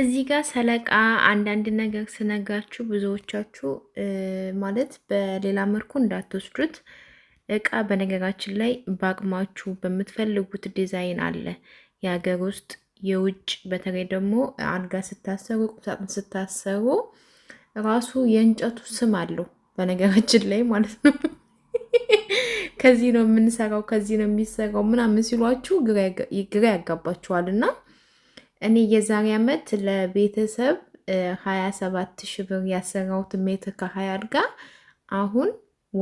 እዚህ ጋር ሰለቃ አንዳንድ ነገር ስነግራችሁ ብዙዎቻችሁ ማለት በሌላ መልኩ እንዳትወስዱት። እቃ በነገራችን ላይ በአቅማችሁ በምትፈልጉት ዲዛይን አለ፣ የሀገር ውስጥ የውጭ። በተለይ ደግሞ አልጋ ስታሰሩ፣ ቁምሳጥን ስታሰሩ ራሱ የእንጨቱ ስም አለው በነገራችን ላይ ማለት ነው። ከዚህ ነው የምንሰራው፣ ከዚህ ነው የሚሰራው ምናምን ሲሏችሁ ግራ ያጋባችኋል እና እኔ የዛሬ ዓመት ለቤተሰብ ሀያ ሰባት ሺ ብር ያሰራሁትን ሜትር ከሀያ አድጋ አሁን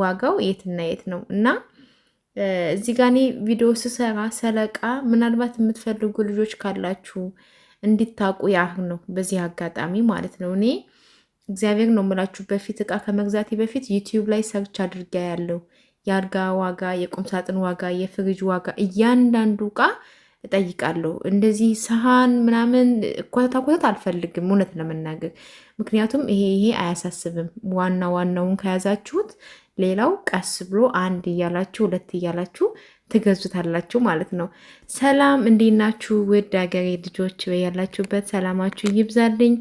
ዋጋው የትና የት ነው እና እዚህ ጋር እኔ ቪዲዮ ስሰራ ሰለቃ ምናልባት የምትፈልጉ ልጆች ካላችሁ እንዲታቁ ያህል ነው። በዚህ አጋጣሚ ማለት ነው እኔ እግዚአብሔር ነው የምላችሁ። በፊት እቃ ከመግዛቴ በፊት ዩቲዩብ ላይ ሰርች አድርጊያ ያለው የአልጋ ዋጋ፣ የቁምሳጥን ዋጋ፣ የፍሪጅ ዋጋ እያንዳንዱ እቃ እጠይቃለሁ። እንደዚህ ሰሃን ምናምን ኮተታ ኮተት አልፈልግም እውነት ለመናገር ምክንያቱም ይሄ ይሄ አያሳስብም። ዋና ዋናውን ከያዛችሁት ሌላው ቀስ ብሎ አንድ እያላችሁ ሁለት እያላችሁ ትገዙታላችሁ ማለት ነው። ሰላም እንዴት ናችሁ? ውድ ሀገሬ ልጆች ያላችሁበት ሰላማችሁ ይብዛልኝ።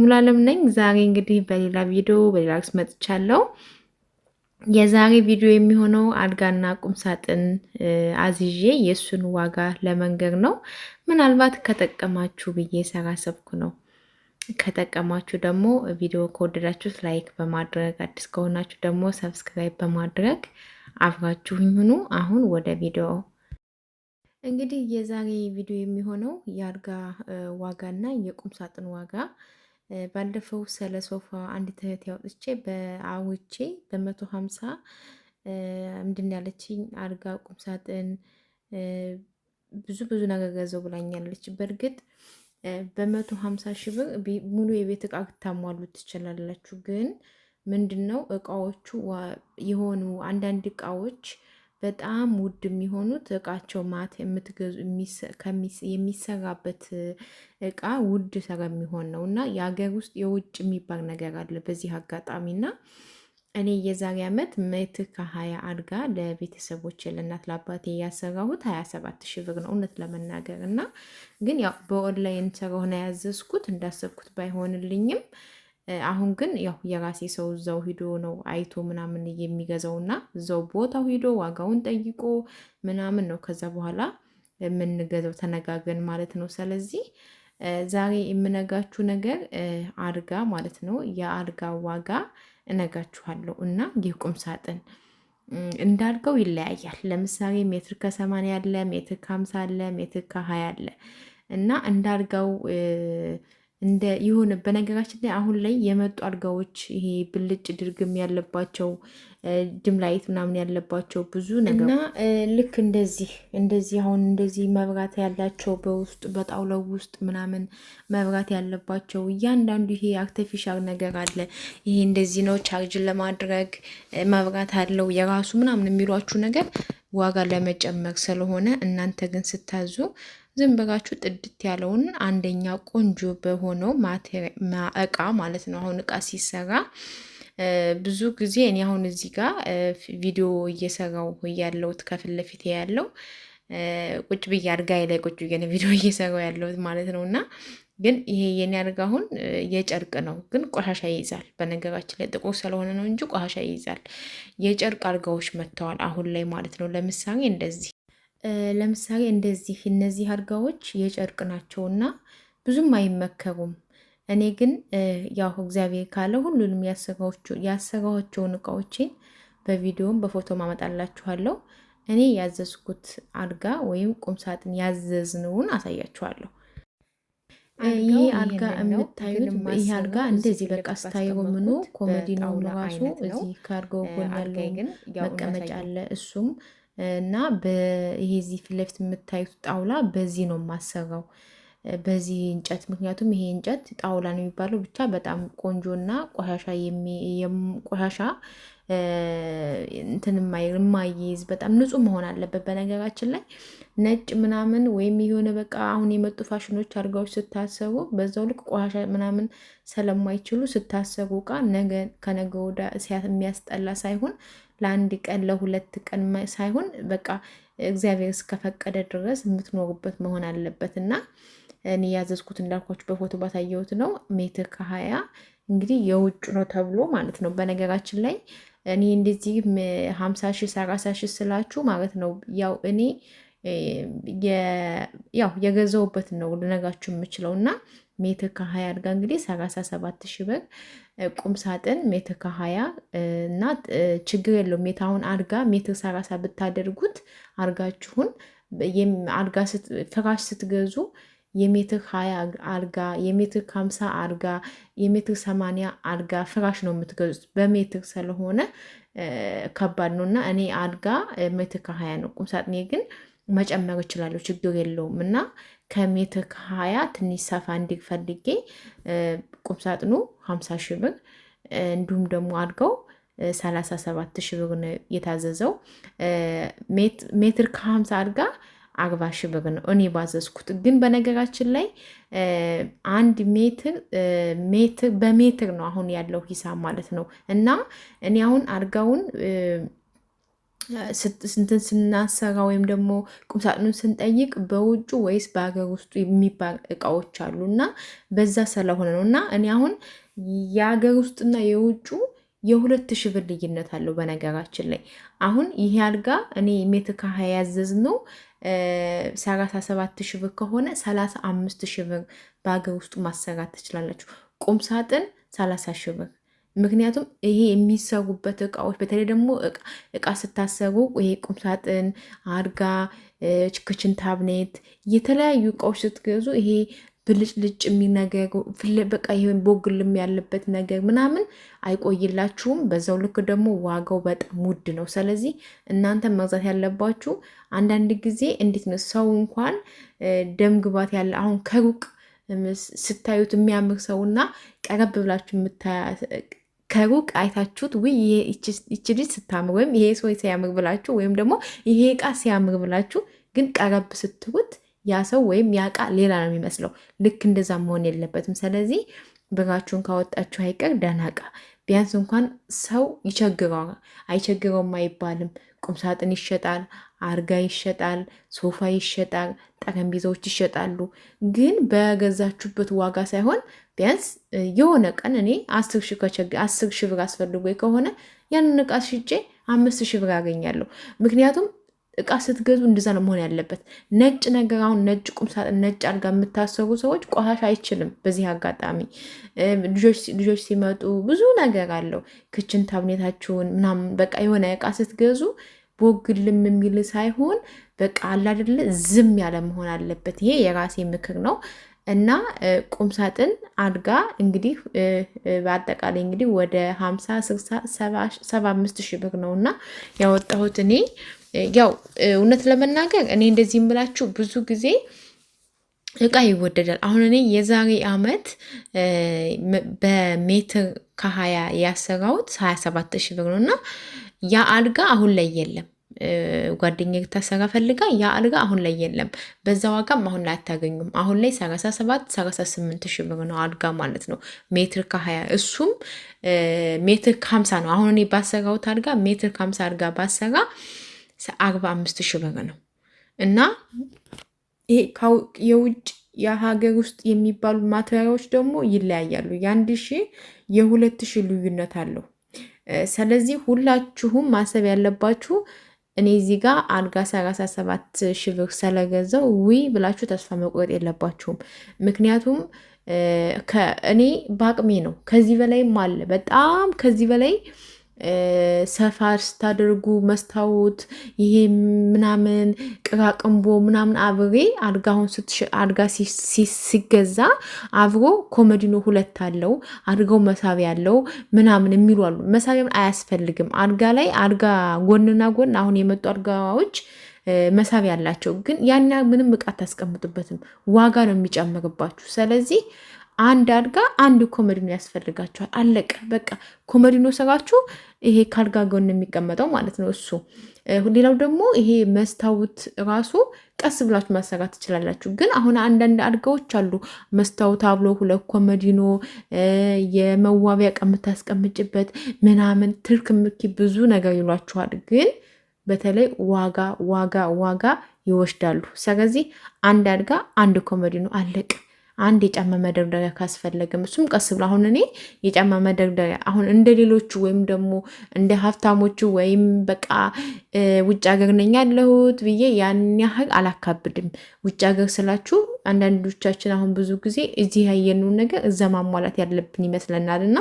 ሙሉዓለም ነኝ። ዛሬ እንግዲህ በሌላ ቪዲዮ በሌላ ርዕስ መጥቻለሁ። የዛሬ ቪዲዮ የሚሆነው አልጋና ቁምሳጥን አዝዤ የእሱን ዋጋ ለመንገር ነው። ምናልባት ከጠቀማችሁ ብዬ ሰራ ሰብኩ ነው። ከጠቀማችሁ ደግሞ ቪዲዮ ከወደዳችሁት ላይክ በማድረግ አዲስ ከሆናችሁ ደግሞ ሰብስክራይብ በማድረግ አብራችሁኝ ሁኑ። አሁን ወደ ቪዲዮ እንግዲህ የዛሬ ቪዲዮ የሚሆነው የአልጋ ዋጋና የቁምሳጥን ዋጋ ባለፈው ስለ ሶፋ አንድ ትህት ያውጥቼ በአውቼ በመቶ ሀምሳ ምንድን ያለችኝ አልጋ፣ ቁም ሳጥን ብዙ ብዙ ነገር ገዘው ብላኛለች። በእርግጥ በመቶ ሀምሳ ሺህ ብር ሙሉ የቤት እቃ ታሟሉት ትችላላችሁ። ግን ምንድን ነው እቃዎቹ የሆኑ አንዳንድ እቃዎች በጣም ውድ የሚሆኑት እቃቸው ማት የምትገዙ የሚሰራበት እቃ ውድ ሰራ የሚሆን ነው። እና የሀገር ውስጥ የውጭ የሚባል ነገር አለ። በዚህ አጋጣሚ እና እኔ የዛሬ ዓመት ሜትር ከሀያ አድጋ ለቤተሰቦች ለእናት ለአባቴ ያሰራሁት ሀያ ሰባት ሺ ብር ነው እውነት ለመናገር እና ግን ያው በኦንላይን ስለሆነ ያዘዝኩት እንዳሰብኩት ባይሆንልኝም አሁን ግን ያው የራሴ ሰው እዛው ሂዶ ነው አይቶ ምናምን የሚገዛው እና እዛው ቦታው ሂዶ ዋጋውን ጠይቆ ምናምን ነው ከዛ በኋላ የምንገዛው ተነጋግረን ማለት ነው። ስለዚህ ዛሬ የምነጋችሁ ነገር አልጋ ማለት ነው። የአልጋ ዋጋ እነጋችኋለሁ እና ይህ ቁም ሳጥን እንዳልገው ይለያያል። ለምሳሌ ሜትር ከሰማንያ አለ፣ ሜትር ከሀምሳ አለ፣ ሜትር ከሀያ አለ እና እንዳልገው እንደ ይሁን በነገራችን ላይ አሁን ላይ የመጡ አልጋዎች ይሄ ብልጭ ድርግም ያለባቸው ድምላይት ምናምን ያለባቸው ብዙ ነገር እና ልክ እንደዚህ እንደዚህ አሁን እንደዚህ መብራት ያላቸው በውስጥ በጣውላው ውስጥ ምናምን መብራት ያለባቸው እያንዳንዱ ይሄ አርቲፊሻል ነገር አለ። ይሄ እንደዚህ ነው ቻርጅን ለማድረግ መብራት አለው የራሱ ምናምን የሚሏችሁ ነገር ዋጋ ለመጨመር ስለሆነ እናንተ ግን ስታዙ ዝም ብላችሁ ጥድት ያለውን አንደኛ ቆንጆ በሆነው እቃ ማለት ነው። አሁን እቃ ሲሰራ ብዙ ጊዜ እኔ አሁን እዚህ ጋር ቪዲዮ እየሰራው ያለውት ከፊት ለፊት ያለው ቁጭ ብዬ አልጋዬ ላይ ቁጭ ብዬ ቪዲዮ እየሰራው ያለውት ማለት ነው እና ግን ይሄ የኔ አልጋ አሁን የጨርቅ ነው፣ ግን ቆሻሻ ይይዛል። በነገራችን ላይ ጥቁር ስለሆነ ነው እንጂ ቆሻሻ ይይዛል። የጨርቅ አልጋዎች መጥተዋል አሁን ላይ ማለት ነው። ለምሳሌ እንደዚህ ለምሳሌ እንደዚህ እነዚህ አልጋዎች የጨርቅ ናቸውና ብዙም አይመከሩም። እኔ ግን ያው እግዚአብሔር ካለ ሁሉንም ያሰራኋቸውን እቃዎቼን በቪዲዮም በፎቶ ማመጣላችኋለሁ። እኔ ያዘዝኩት አልጋ ወይም ቁምሳጥን ያዘዝነውን አሳያችኋለሁ። ይህ አልጋ የምታዩት ይህ አልጋ እንደዚህ በቃ ስታየው ምኑ ኮመዲ ነው ራሱ። እዚህ ከአልጋው ጎን ያለው መቀመጫ አለ እሱም እና ይሄ እዚህ ፊት ለፊት የምታዩት ጣውላ በዚህ ነው የማሰራው፣ በዚህ እንጨት። ምክንያቱም ይሄ እንጨት ጣውላ ነው የሚባለው ብቻ በጣም ቆንጆ እና ቆሻሻ እንትን የማይይዝ በጣም ንጹህ መሆን አለበት። በነገራችን ላይ ነጭ ምናምን ወይም የሆነ በቃ አሁን የመጡ ፋሽኖች አድርጋዎች ስታሰቡ በዛው ልክ ቆሻሻ ምናምን ስለማይችሉ ስታሰቡ እቃ ነገ ከነገ ወዳ የሚያስጠላ ሳይሆን ለአንድ ቀን ለሁለት ቀን ሳይሆን በቃ እግዚአብሔር እስከፈቀደ ድረስ የምትኖሩበት መሆን አለበት እና እኔ ያዘዝኩት እንዳልኳችሁ በፎቶ ባሳየሁት ነው። ሜትር ከሀያ እንግዲህ የውጭ ነው ተብሎ ማለት ነው በነገራችን ላይ እኔ እንደዚህ ሀምሳ ሺህ ሰላሳ ሺህ ስላችሁ ማለት ነው ያው እኔ ያው የገዛውበት ነው ልነጋችሁ የምችለው እና ሜትር ከሀያ አድጋ እንግዲህ ሰላሳ ሰባት ሺህ ብር ቁም ሳጥን ሜትር ከሀያ እና ችግር የለው ሜታውን አድጋ ሜትር ሰላሳ ብታደርጉት አድጋችሁን አድጋ ፍራሽ ስትገዙ የሜትር ሀያ አልጋ የሜትር ከሀምሳ አልጋ የሜትር ሰማንያ አልጋ ፍራሽ ነው የምትገዙት በሜትር ስለሆነ ከባድ ነው እና እኔ አልጋ ሜትር ከሀያ ነው። ቁምሳጥኔ ግን መጨመር እችላለሁ ችግር የለውም እና ከሜትር ከሀያ ትንሽ ሰፋ እንዲል ፈልጌ ቁምሳጥኑ ሀምሳ ሺህ ብር እንዲሁም ደግሞ አልጋው ሰላሳ ሰባት ሺህ ብር ነው የታዘዘው ሜትር ከሀምሳ አልጋ አርባ ሺህ ብር ነው እኔ ባዘዝኩት። ግን በነገራችን ላይ አንድ ሜትር ሜትር በሜትር ነው አሁን ያለው ሂሳብ ማለት ነው። እና እኔ አሁን አልጋውን ስንትን ስናሰራ ወይም ደግሞ ቁምሳጥኑን ስንጠይቅ በውጩ ወይስ በሀገር ውስጡ የሚባል እቃዎች አሉ እና በዛ ስለሆነ ነው እና እኔ አሁን የሀገር ውስጥና የውጩ የሁለት ሺህ ብር ልዩነት አለው። በነገራችን ላይ አሁን ይሄ አልጋ እኔ ሜትካ ያዘዝ ነው ሰላሳ ሰባት ሺህ ብር ከሆነ ሰላሳ አምስት ሺህ ብር በሀገር ውስጡ ማሰራት ትችላላችሁ። ቁም ሳጥን ሰላሳ ሺህ ብር ምክንያቱም ይሄ የሚሰሩበት እቃዎች በተለይ ደግሞ እቃ ስታሰሩ ይሄ ቁምሳጥን፣ አድጋ፣ ክችን ታብኔት የተለያዩ እቃዎች ስትገዙ ይሄ ብልጭልጭ የሚነገሩ በቃ ይሄን ቦግልም ያለበት ነገር ምናምን አይቆይላችሁም። በዛው ልክ ደግሞ ዋጋው በጣም ውድ ነው። ስለዚህ እናንተ መግዛት ያለባችሁ አንዳንድ ጊዜ እንዴት ነው ሰው እንኳን ደም ግባት ያለ አሁን ከሩቅ ስታዩት የሚያምር ሰውና ቀረብ ብላችሁ ከሩቅ አይታችሁት ውይ ይቺ ልጅ ስታምር ወይም ይሄ ሰው ሲያምር ብላችሁ ወይም ደግሞ ይሄ እቃ ሲያምር ብላችሁ ግን ቀረብ ስትሉት ያ ሰው ወይም ያ እቃ ሌላ ነው የሚመስለው። ልክ እንደዛ መሆን የለበትም። ስለዚህ ብራችሁን ካወጣችሁ አይቀር ደህና እቃ ቢያንስ እንኳን ሰው ይቸግረዋል። አይቸግረውም አይባልም። ቁምሳጥን ይሸጣል፣ አርጋ ይሸጣል፣ ሶፋ ይሸጣል፣ ጠረጴዛዎች ይሸጣሉ። ግን በገዛችሁበት ዋጋ ሳይሆን ቢያንስ የሆነ ቀን እኔ አስር ሺ አስር ሺ ብር አስፈልጎ ከሆነ ያንን እቃ ሽጬ አምስት ሺ ብር አገኛለሁ ምክንያቱም እቃ ስትገዙ እንደዛ ነው መሆን ያለበት። ነጭ ነገር አሁን ነጭ ቁምሳጥን፣ ነጭ አልጋ የምታሰቡ ሰዎች ቆሻሻ አይችልም። በዚህ አጋጣሚ ልጆች ሲመጡ ብዙ ነገር አለው። ክችን ታብኔታችሁን ምናምን በቃ የሆነ እቃ ስትገዙ ቦግልም የሚል ሳይሆን በቃ አላደለ ዝም ያለ መሆን አለበት። ይሄ የራሴ ምክር ነው እና ቁምሳጥን አድጋ እንግዲህ በአጠቃላይ እንግዲህ ወደ ሀምሳ ስልሳ ሰባ አምስት ሺህ ብር ነው እና ያወጣሁት እኔ ያው እውነት ለመናገር እኔ እንደዚህ የምላችሁ ብዙ ጊዜ እቃ ይወደዳል። አሁን እኔ የዛሬ አመት በሜትር ከሀያ ያሰራሁት ሀያ ሰባት ሺ ብር ነው እና ያ አልጋ አሁን ላይ የለም። ጓደኛ ታሰራ ፈልጋ ያ አልጋ አሁን ላይ የለም። በዛ ዋጋም አሁን ላይ አታገኙም። አሁን ላይ ሰላሳ ሰባት ሰላሳ ስምንት ሺ ብር ነው አልጋ ማለት ነው ሜትር ከሀያ እሱም ሜትር ከሀምሳ ነው። አሁን እኔ ባሰራሁት አልጋ ሜትር ከሀምሳ አልጋ ባሰራ አርባ አምስት ሺህ ብር ነው እና ይሄ የውጭ የሀገር ውስጥ የሚባሉ ማቴሪያሎች ደግሞ ይለያያሉ። የአንድ ሺህ የሁለት ሺህ ልዩነት አለው። ስለዚህ ሁላችሁም ማሰብ ያለባችሁ እኔ እዚህ ጋር አልጋ ሰላሳ ሰባት ሺህ ብር ስለገዛው ውይ ብላችሁ ተስፋ መቁረጥ የለባችሁም። ምክንያቱም እኔ በአቅሜ ነው። ከዚህ በላይም አለ በጣም ከዚህ በላይ ሰፋር ስታደርጉ መስታወት ይሄ ምናምን ቅራቅንቦ ምናምን አብሬ አድጋሁን አድጋ ሲገዛ አብሮ ኮመዲኖ ሁለት አለው አድጋው መሳቢያ አለው ምናምን የሚሉ አሉ። መሳቢያም አያስፈልግም አድጋ ላይ አድጋ ጎንና ጎን አሁን የመጡ አድጋዎች መሳቢያ አላቸው፣ ግን ያን ምንም እቃ አታስቀምጡበትም። ዋጋ ነው የሚጨምርባችሁ። ስለዚህ አንድ አልጋ አንድ ኮመዲኖ ያስፈልጋቸዋል። አለቀ በቃ። ኮመዲኖ ሰጋችሁ ይሄ ካልጋ ጎን የሚቀመጠው ማለት ነው እሱ። ሌላው ደግሞ ይሄ መስታወት ራሱ ቀስ ብላችሁ ማሰራት ትችላላችሁ። ግን አሁን አንዳንድ አልጋዎች አሉ መስታወት አብሎ ሁለት ኮመዲኖ የመዋቢያ ዕቃ የምታስቀምጭበት ምናምን ትርክ ምኪ ብዙ ነገር ይሏችኋል። ግን በተለይ ዋጋ ዋጋ ዋጋ ይወስዳሉ። ስለዚህ አንድ አልጋ አንድ ኮመዲኖ አለቀ። አንድ የጫማ መደርደሪያ ካስፈለገም እሱም ቀስ ብሎ አሁን እኔ የጫማ መደርደሪያ አሁን እንደ ሌሎቹ ወይም ደግሞ እንደ ሀብታሞቹ ወይም በቃ ውጭ ሀገር ነኝ ያለሁት ብዬ ያን ያህል አላካብድም። ውጭ ሀገር ስላችሁ አንዳንዶቻችን አሁን ብዙ ጊዜ እዚህ ያየነውን ነገር እዛ ማሟላት ያለብን ይመስለናል። እና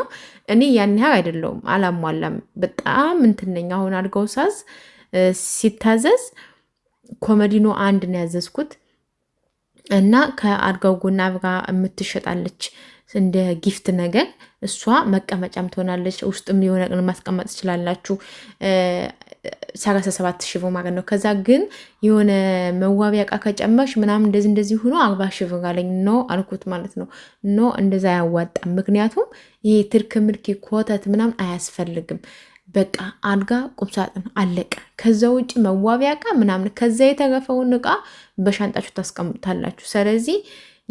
እኔ ያን ያህል አይደለውም፣ አላሟላም። በጣም እንትን አሁን አድርገው ሳዝ ሲታዘዝ ኮመዲኖ አንድ ነው ያዘዝኩት እና ከአልጋው ጎና አብራ የምትሸጣለች እንደ ጊፍት ነገር እሷ መቀመጫም ትሆናለች። ውስጥም የሆነ ቅን ማስቀመጥ ትችላላችሁ። ሰላሳ ሰባት ሺህ ብር ማለት ነው። ከዛ ግን የሆነ መዋቢያ ዕቃ ከጨመርሽ ምናምን እንደዚህ እንደዚህ ሆኖ አርባ ሺህ ብር አለኝ ኖ አልኩት ማለት ነው። ኖ እንደዛ አያዋጣም። ምክንያቱም ይሄ ትርክ ምልክ ኮተት ምናምን አያስፈልግም። በቃ አልጋ፣ ቁምሳጥን አለቀ። ከዛ ውጭ መዋቢያ እቃ ምናምን፣ ከዛ የተረፈውን እቃ በሻንጣችሁ ታስቀምጣላችሁ። ስለዚህ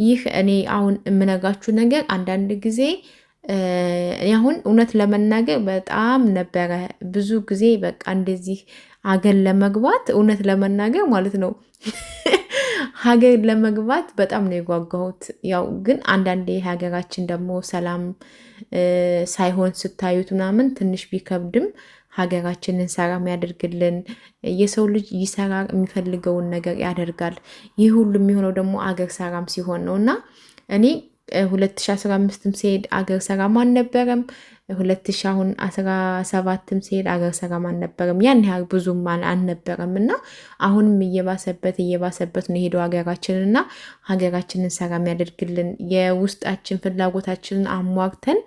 ይህ እኔ አሁን የምነጋችሁ ነገር አንዳንድ ጊዜ አሁን እውነት ለመናገር በጣም ነበረ ብዙ ጊዜ በቃ እንደዚህ አገር ለመግባት እውነት ለመናገር ማለት ነው ሀገር ለመግባት በጣም ነው የጓጓሁት። ያው ግን አንዳንዴ ሀገራችን ደግሞ ሰላም ሳይሆን ስታዩት ምናምን ትንሽ ቢከብድም ሀገራችንን ሰላም ያደርግልን። የሰው ልጅ ይሰራ የሚፈልገውን ነገር ያደርጋል። ይህ ሁሉ የሚሆነው ደግሞ አገር ሰላም ሲሆን ነው እና እኔ 2015ም ሲሄድ አገር ሰላም አልነበረም። ሁለት ሺ አሁን አስራ ሰባትም ሲሄድ አገር ሰላም አልነበረም፣ ያን ያህል ብዙም አልነበረም እና አሁንም እየባሰበት እየባሰበት ነው የሄደው ሀገራችንን እና ሀገራችንን ሰላም ያደርግልን። የውስጣችን ፍላጎታችንን አሟርተን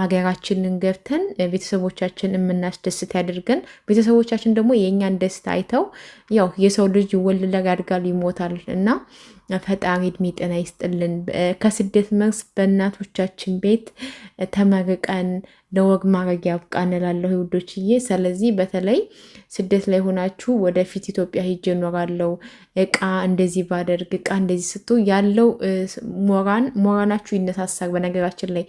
ሀገራችንን ገብተን ቤተሰቦቻችን የምናስደስት ያደርገን። ቤተሰቦቻችን ደግሞ የእኛን ደስታ አይተው ያው የሰው ልጅ ይወልዳል፣ ያድጋል፣ ይሞታል እና ፈጣሪ እድሜ ጤና ይስጥልን። ከስደት መልስ በእናቶቻችን ቤት ተመርቀን ለወግ ማድረግ ያብቃን እላለሁ ውዶችዬ። ስለዚህ በተለይ ስደት ላይ ሆናችሁ ወደፊት ኢትዮጵያ ሂጄ እኖራለሁ እቃ እንደዚህ ባደርግ እቃ እንደዚህ ስጡ ያለው ሞራን ሞራናችሁ ይነሳሳል። በነገራችን ላይ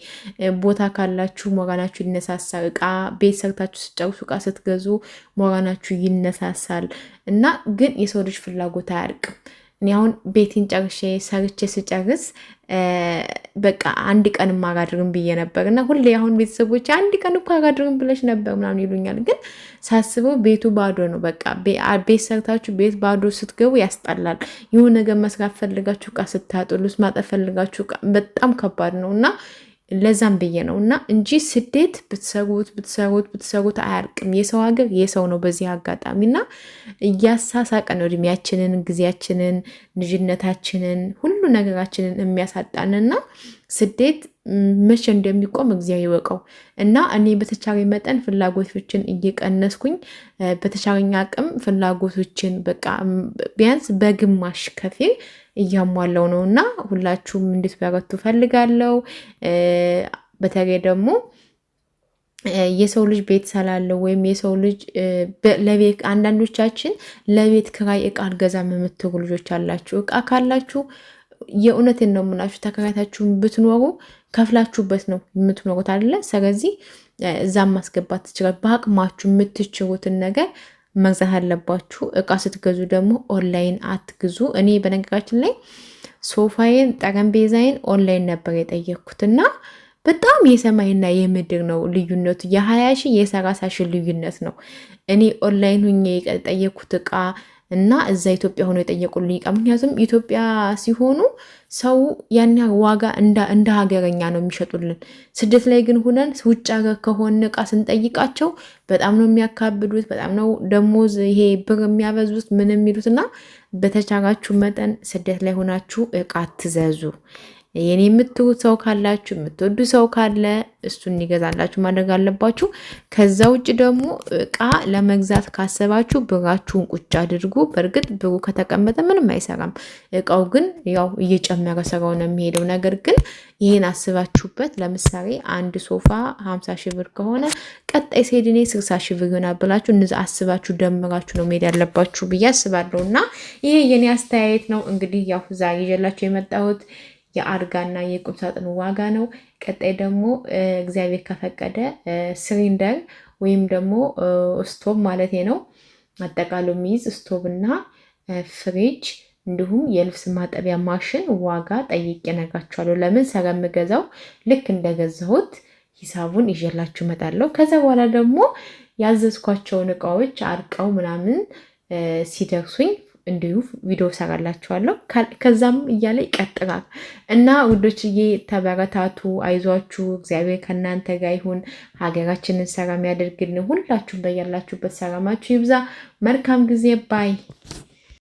ቦታ ካላችሁ ሞራናችሁ ይነሳሳል። እቃ ቤት ሰርታችሁ ስጨርሱ እቃ ስትገዙ ሞራናችሁ ይነሳሳል እና ግን የሰው ልጅ ፍላጎት አያርቅም። እኔ አሁን ቤቴን ጨርሼ ሰርቼ ስጨርስ በቃ አንድ ቀን አላድርም ብዬ ነበር እና ሁሌ አሁን ቤተሰቦች አንድ ቀን እኮ አላድርም ብለሽ ነበር ምናምን ይሉኛል። ግን ሳስበው ቤቱ ባዶ ነው። በቃ ቤት ሰርታችሁ ቤት ባዶ ስትገቡ ያስጠላል። ይሁን ነገር መስራት ፈልጋችሁ እቃ ስታጡ፣ ልብስ ማጠብ ፈልጋችሁ በጣም ከባድ ነው እና ለዛም ብዬ ነው እና እንጂ ስደት ብትሰጉት ብትሰጉት ብትሰጉት አያርቅም። የሰው ሀገር የሰው ነው። በዚህ አጋጣሚ እና እያሳሳቀ ነው እድሜያችንን፣ ጊዜያችንን፣ ልጅነታችንን ሁሉ ነገራችንን የሚያሳጣንና ስደት መቼ እንደሚቆም እግዚአብሔር ይወቀው እና እኔ በተቻሪ መጠን ፍላጎቶችን እየቀነስኩኝ በተቻሪኝ አቅም ፍላጎቶችን በቃ ቢያንስ በግማሽ ከፊል እያሟለው ነው እና ሁላችሁም እንዴት እንድትበረቱ ፈልጋለው። በተለይ ደግሞ የሰው ልጅ ቤት ሰላለው ወይም የሰው ልጅ ለቤት አንዳንዶቻችን ለቤት ክራይ እቃ አልገዛም የምትሉ ልጆች አላችሁ። እቃ ካላችሁ የእውነትን ነው የምናችሁ። ተከታታችሁን ብትኖሩ ከፍላችሁበት ነው የምትኖሩት አይደለ? ስለዚህ እዛም ማስገባት ትችላል። በአቅማችሁ የምትችሉትን ነገር መግዛት አለባችሁ። እቃ ስትገዙ ደግሞ ኦንላይን አትግዙ። እኔ በነገራችን ላይ ሶፋዬን፣ ጠረጴዛዬን ኦንላይን ነበር የጠየኩት እና በጣም የሰማይና የምድር ነው ልዩነቱ። የሀያ የሰራሳሽ የሰላሳ ልዩነት ነው። እኔ ኦንላይን ሁኜ የጠየኩት እቃ እና እዛ ኢትዮጵያ ሆኖ የጠየቁልኝ እቃ ምክንያቱም ኢትዮጵያ ሲሆኑ ሰው ያን ዋጋ እንደ ሀገረኛ ነው የሚሸጡልን። ስደት ላይ ግን ሁነን ውጭ ሀገር ከሆነ እቃ ስንጠይቃቸው በጣም ነው የሚያካብዱት፣ በጣም ነው ደሞዝ ይሄ ብር የሚያበዙት ምን የሚሉት እና በተቻላችሁ መጠን ስደት ላይ ሆናችሁ እቃ ትዘዙ። የኔ የምትውት ሰው ካላችሁ የምትወዱ ሰው ካለ እሱን እንዲገዛላችሁ ማድረግ አለባችሁ። ከዛ ውጭ ደግሞ እቃ ለመግዛት ካሰባችሁ ብራችሁን ቁጭ አድርጉ። በእርግጥ ብሩ ከተቀመጠ ምንም አይሰራም። እቃው ግን ያው እየጨመረ ስራው ነው የሚሄደው። ነገር ግን ይህን አስባችሁበት፣ ለምሳሌ አንድ ሶፋ ሀምሳ ሺህ ብር ከሆነ ቀጣይ ሴድኔ ስልሳ ሺህ ብር ይሆናል ብላችሁ እነዚ አስባችሁ ደምራችሁ ነው መሄድ ያለባችሁ ብዬ አስባለሁ እና ይሄ የኔ አስተያየት ነው። እንግዲህ ያው ዛሬ ይዤላችሁ የመጣሁት የአልጋና የቁምሳጥኑ ዋጋ ነው። ቀጣይ ደግሞ እግዚአብሔር ከፈቀደ ሲሊንደር ወይም ደግሞ ስቶቭ ማለት ነው አጠቃሎ የሚይዝ ስቶቭ እና ፍሪጅ እንዲሁም የልብስ ማጠቢያ ማሽን ዋጋ ጠይቄ ነግራችኋለሁ። ለምን ስለምገዛው ልክ እንደገዛሁት ሂሳቡን ይዤላችሁ እመጣለሁ። ከዛ በኋላ ደግሞ ያዘዝኳቸውን እቃዎች አርቀው ምናምን ሲደርሱኝ እንዲሁ ቪዲዮ ሰራላችኋለሁ። ከዛም እያለ ይቀጥላል እና ውዶችዬ ተበረታቱ፣ አይዟችሁ፣ እግዚአብሔር ከእናንተ ጋር ይሁን። ሀገራችንን ሰላም ያደርግልን። ሁላችሁም በያላችሁበት ሰላማችሁ ይብዛ። መልካም ጊዜ ባይ